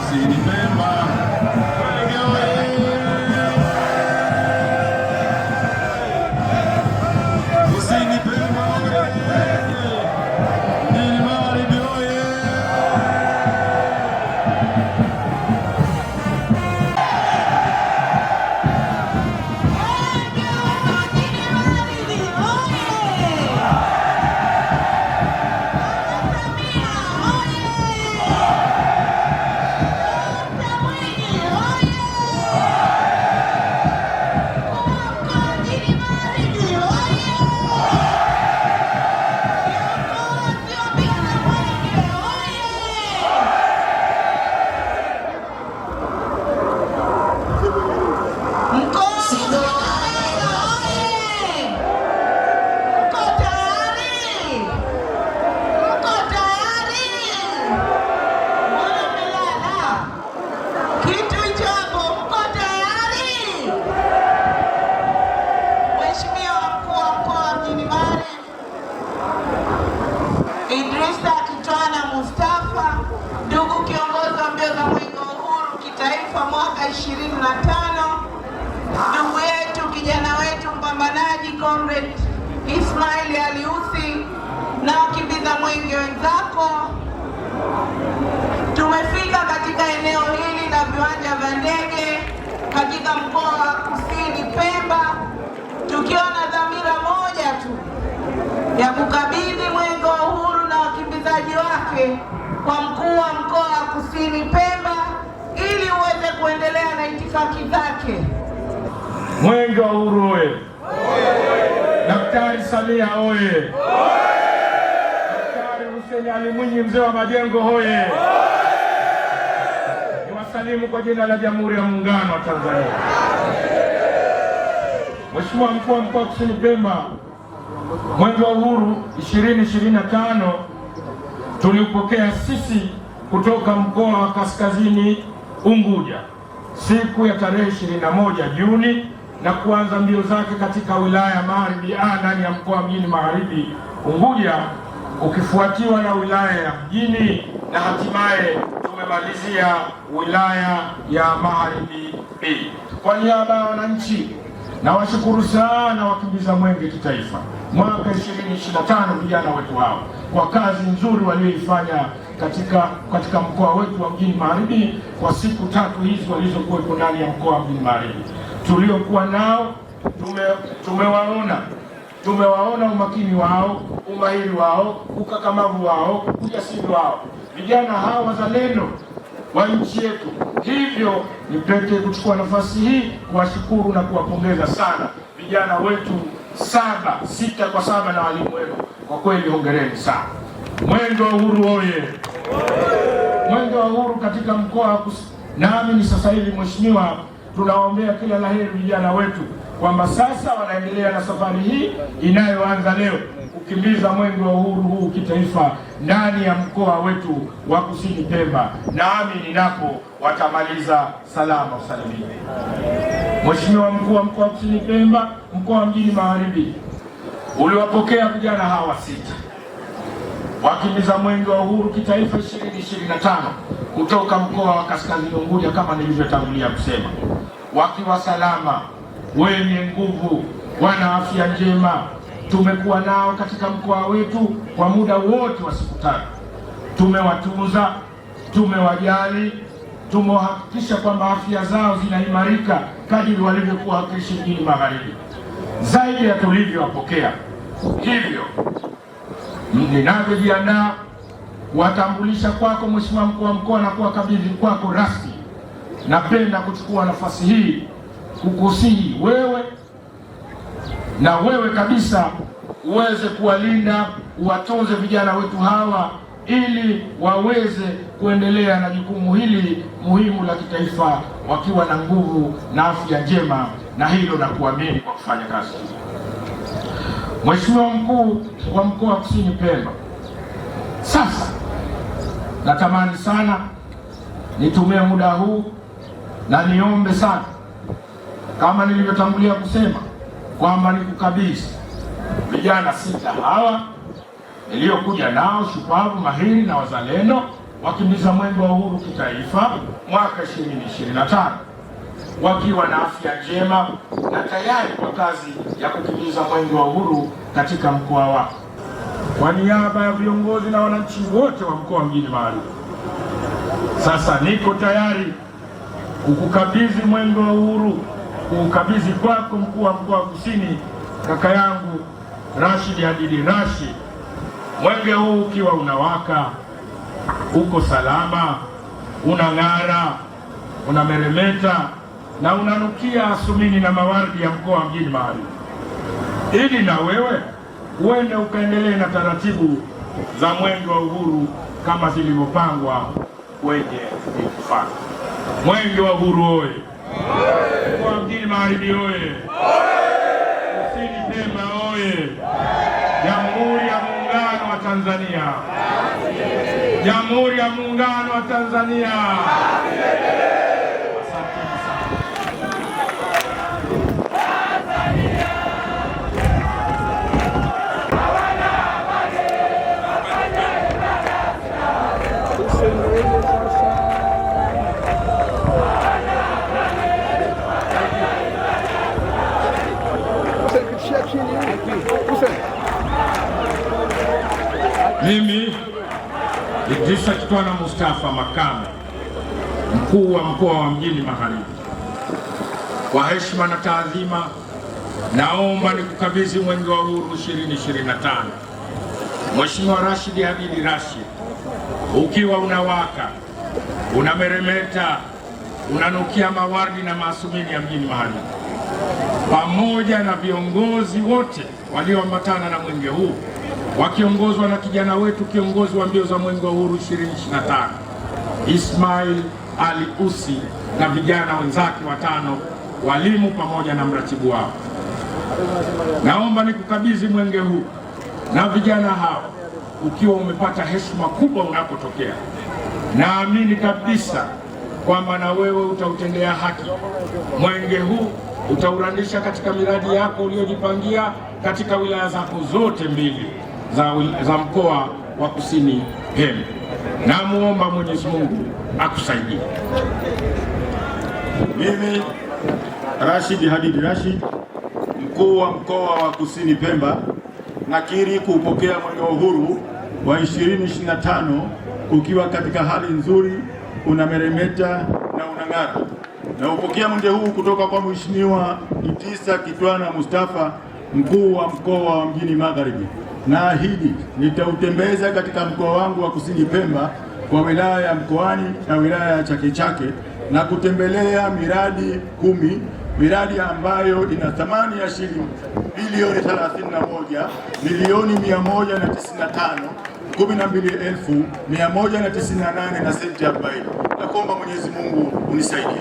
Cine Pemba. Tumefika katika eneo hili la viwanja vya ndege katika mkoa wa Kusini Pemba, tukiwa na dhamira moja tu ya kukabidhi Mwenge wa Uhuru na wakimbizaji wake kwa mkuu wa mkoa wa Kusini Pemba ili uweze kuendelea na itifaki zake. Mwenge wa Uhuru oye! Daktari Samia oye! Daktari Hussein Ali Mwinyi mzee wa majengo hoye! Nawasalimu kwa jina la Jamhuri ya Muungano wa Tanzania. Mheshimiwa mkuu wa mkoa wa Kusini Pemba, mwenge wa uhuru 2025 tuliupokea sisi kutoka mkoa wa Kaskazini Unguja siku ya tarehe 21 Juni na kuanza mbio zake katika wilaya ya Magharibi A ndani ya mkoa mjini Magharibi Unguja ukifuatiwa na wilaya ya mjini na hatimaye tunamalizia wilaya ya Magharibi B. Kwa niaba ya wananchi nawashukuru sana wakimbiza mwenge kitaifa mwaka 2025 vijana wetu hao kwa kazi nzuri walioifanya katika katika mkoa wetu wa Mjini Magharibi kwa siku tatu hizi walizokuwepo ndani ya mkoa wa Mjini Magharibi tuliokuwa nao tume, tumewaona tumewaona umakini wao, umahiri wao, ukakamavu wao, ujasiri wao vijana hawa wazalendo wa nchi yetu. Hivyo nipende kuchukua nafasi hii kuwashukuru na kuwapongeza sana vijana wetu saba sita kwa saba na walimu wenu, kwa kweli hongereni sana. Mwenge wa Uhuru oye! Mwenge wa Uhuru katika mkoa nami ni sasa hivi, mheshimiwa, tunaombea kila laheri vijana wetu kwamba sasa wanaendelea na safari hii inayoanza leo kukimbiza mwenge wa uhuru huu kitaifa ndani ya mkoa wetu wa Kusini Pemba, nami ninapo watamaliza salama usalimini. Mheshimiwa mkuu wa mkoa wa Kusini Pemba, mkoa wa Mjini Magharibi uliwapokea vijana hawa sita wakimbiza mwenge wa uhuru kitaifa 2025 kutoka mkoa wa Kaskazini Unguja kama nilivyotangulia kusema, wakiwa salama, wenye nguvu, wana afya njema tumekuwa nao katika mkoa wetu kwa muda wote wa siku tatu. Tumewatunza, tumewajali, tumewahakikisha kwamba afya zao zinaimarika kadiri walivyokuwa wakiishi mjini Magharibi, zaidi ya tulivyowapokea. Hivyo ninavyojiandaa watambulisha kwako Mheshimiwa mkuu wa mkoa na kabidhi kwako rasmi, napenda kuchukua nafasi hii kukusihi wewe na wewe kabisa uweze kuwalinda, uwatunze vijana wetu hawa ili waweze kuendelea na jukumu hili muhimu la kitaifa wakiwa na nguvu na afya njema, na hilo na kuamini kwa kufanya kazi. Mheshimiwa mkuu wa mkoa wa Kusini Pemba, sasa natamani sana nitumie muda huu na niombe sana, kama nilivyotangulia kusema kwamba ni vijana sita hawa niliyokuja nao shupavu, mahiri na wazalendo wakimbiza mwenge wa uhuru kitaifa mwaka 2025 wakiwa na afya njema na tayari kwa kazi ya kukimbiza mwenge wa uhuru katika mkoa wao. Kwa niaba ya viongozi na wananchi wote wa mkoa Mjini Maarufu, sasa niko tayari kukukabidhi mwenge wa uhuru kuukabidhi kwako mkuu wa mkoa wa Kusini, kaka yangu Rashid Adili Rashid. Mwenge huu ukiwa unawaka, uko salama, unang'ara, unameremeta na unanukia asumini na mawardi ya mkoa mjini Magharibi, ili na wewe uende ukaendelee na taratibu za mwenge wa uhuru kama zilivyopangwa kwenye itifaki. Mwenge wa uhuru oye! Kusini Magharibi oye! Kusini Pemba oye! Jamhuri ya Muungano wa Tanzania! Jamhuri ya Muungano wa Tanzania! Mimi Idrisa Kitwana Mustafa Makame, mkuu wa mkoa wa Mjini Magharibi, kwa heshima na taadhima, naomba nikukabidhi mwenge wa uhuru 2025 Mheshimiwa Rashidi Hadidi Rashid, ukiwa unawaka, unameremeta, unanukia mawardi na maasumini ya Mjini Magharibi, pamoja na viongozi wote walioambatana na mwenge huu wakiongozwa na kijana wetu kiongozi wa mbio za mwenge wa uhuru 2025 Ismail Ali Usi na vijana wenzake watano, walimu pamoja na mratibu wao. Naomba nikukabidhi mwenge huu na vijana hao ukiwa umepata heshima kubwa unapotokea Naamini kabisa kwamba na wewe utautendea haki mwenge huu, utaurandisha katika miradi yako uliyojipangia katika wilaya zako zote mbili za, za mkoa wa Kusini pemba namwomba Mwenyezi Mungu akusaidie. Mimi Rashid Hadid Rashid, mkuu wa mkoa wa Kusini Pemba, nakiri kuupokea mwenge wa uhuru wa 2025 ukiwa katika hali nzuri, unameremeta na unang'ara. Naupokea mwenge huu kutoka kwa Mheshimiwa Idrisa Kitwana Mustafa mkuu wa mkoa wa Mjini Magharibi, naahidi nitautembeza katika mkoa wangu wa Kusini Pemba kwa wilaya ya Mkoani na wilaya ya Chake Chake na kutembelea miradi kumi, miradi ambayo ina thamani ya shilingi bilioni 31 milioni 195 12198 na senti 40. Nakuomba Mwenyezi Mungu unisaidie.